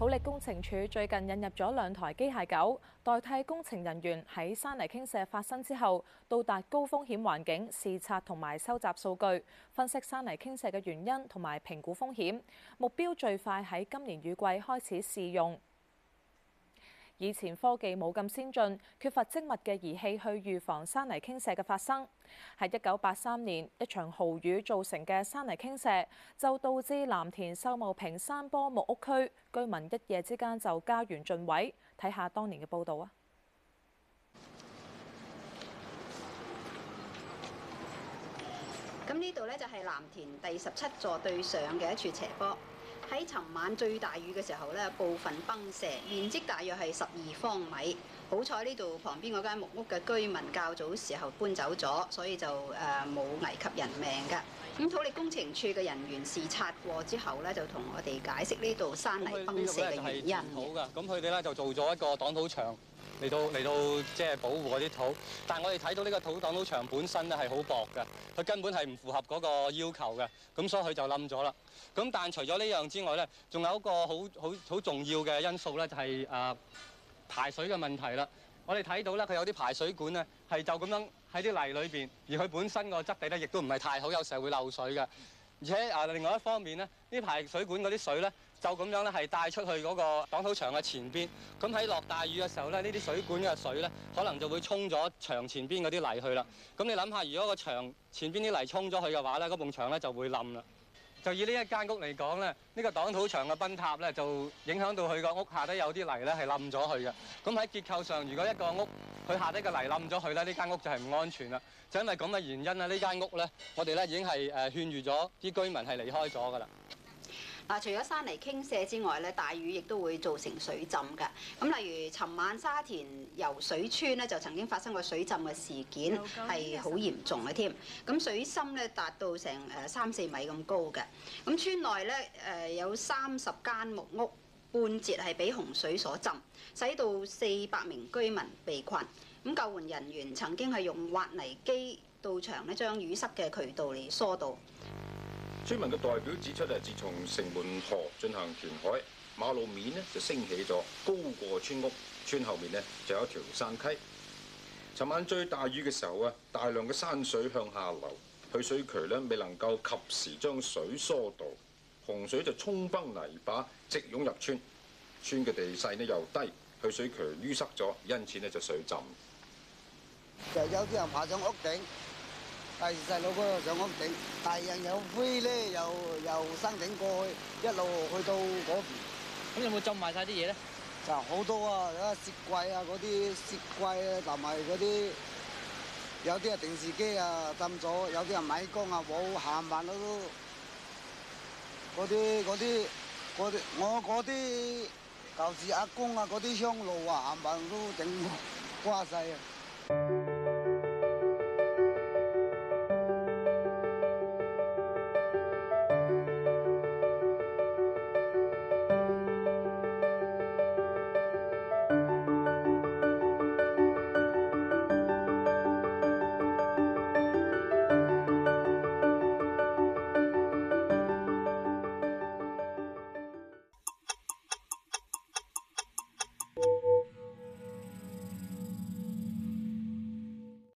土力工程處最近引入咗兩台機械狗，代替工程人員喺山泥傾瀉發生之後，到達高風險環境視察同埋收集數據，分析山泥傾瀉嘅原因同埋評估風險。目標最快喺今年雨季開始試用。以前科技冇咁先進，缺乏精密嘅儀器去預防山泥傾瀉嘅發生。喺一九八三年，一場豪雨造成嘅山泥傾瀉，就導致藍田、秀茂坪山坡木屋區居民一夜之間就家園盡毀。睇下當年嘅報導啊！咁呢度呢，就係藍田第十七座對上嘅一處斜坡。喺尋晚最大雨嘅時候咧，部分崩瀉，面積大約係十二方米。好彩呢度旁邊嗰間木屋嘅居民較早時候搬走咗，所以就誒冇、呃、危及人命嘅。咁土力工程處嘅人員視察過之後咧，就同我哋解釋呢度山泥崩瀉嘅原因。好嘅。咁佢哋咧就做咗一個擋土牆。嚟到，嚟到即係保護嗰啲土，但係我哋睇到呢個土擋土牆本身咧係好薄嘅，佢根本係唔符合嗰個要求嘅，咁所以佢就冧咗啦。咁但係除咗呢樣之外咧，仲有一個好好好重要嘅因素咧，就係、是、啊、呃、排水嘅問題啦。我哋睇到咧，佢有啲排水管咧係就咁樣喺啲泥裏邊，而佢本身個質地咧亦都唔係太好，有時會漏水嘅。而且啊、呃，另外一方面咧，呢排水管嗰啲水咧。就咁樣咧，係帶出去嗰個擋土牆嘅前邊。咁喺落大雨嘅時候咧，呢啲水管嘅水咧，可能就會沖咗牆前邊嗰啲泥去啦。咁你諗下，如果個牆前邊啲泥沖咗去嘅話咧，嗰埲牆咧就會冧啦。就以呢一間屋嚟講咧，呢個擋土牆嘅崩塌咧，就影響到佢個屋下底有啲泥咧係冧咗去嘅。咁喺結構上，如果一個屋佢下低嘅泥冧咗去咧，呢間屋就係唔安全啦。就因為咁嘅原因啊，呢間屋咧，我哋咧已經係誒勸喻咗啲居民係離開咗噶啦。嗱，除咗山泥傾瀉之外咧，大雨亦都會造成水浸㗎。咁例如，尋晚沙田油水村咧就曾經發生過水浸嘅事件，係好嚴重嘅添。咁口水深咧達到成誒三四米咁高嘅。咁村內咧誒有三十間木屋，半截係俾洪水所浸，使到四百名居民被困。咁救援人員曾經係用挖泥機到場咧，將淤塞嘅渠道嚟疏導。村民嘅代表指出啊，自從城門河進行填海，馬路面咧就升起咗，高過村屋。村後面咧就有一條山溪。尋晚最大雨嘅時候啊，大量嘅山水向下流，去水渠咧未能夠及時將水疏導，洪水就沖崩泥巴，直湧入村。村嘅地勢咧又低，去水渠淤塞咗，因此咧就水浸。就有啲人爬上屋頂。第二細佬哥又上山頂，大人有灰咧，又又山頂過去，一路去到嗰邊，咁有冇浸埋曬啲嘢咧？就好多啊，啊雪櫃啊嗰啲雪櫃，同埋嗰啲有啲啊電視機啊浸咗，有啲啊米缸啊冇鹹飯都，嗰啲嗰啲嗰啲，我嗰啲舊時阿公啊嗰啲香爐啊鹹飯都整瓜曬啊！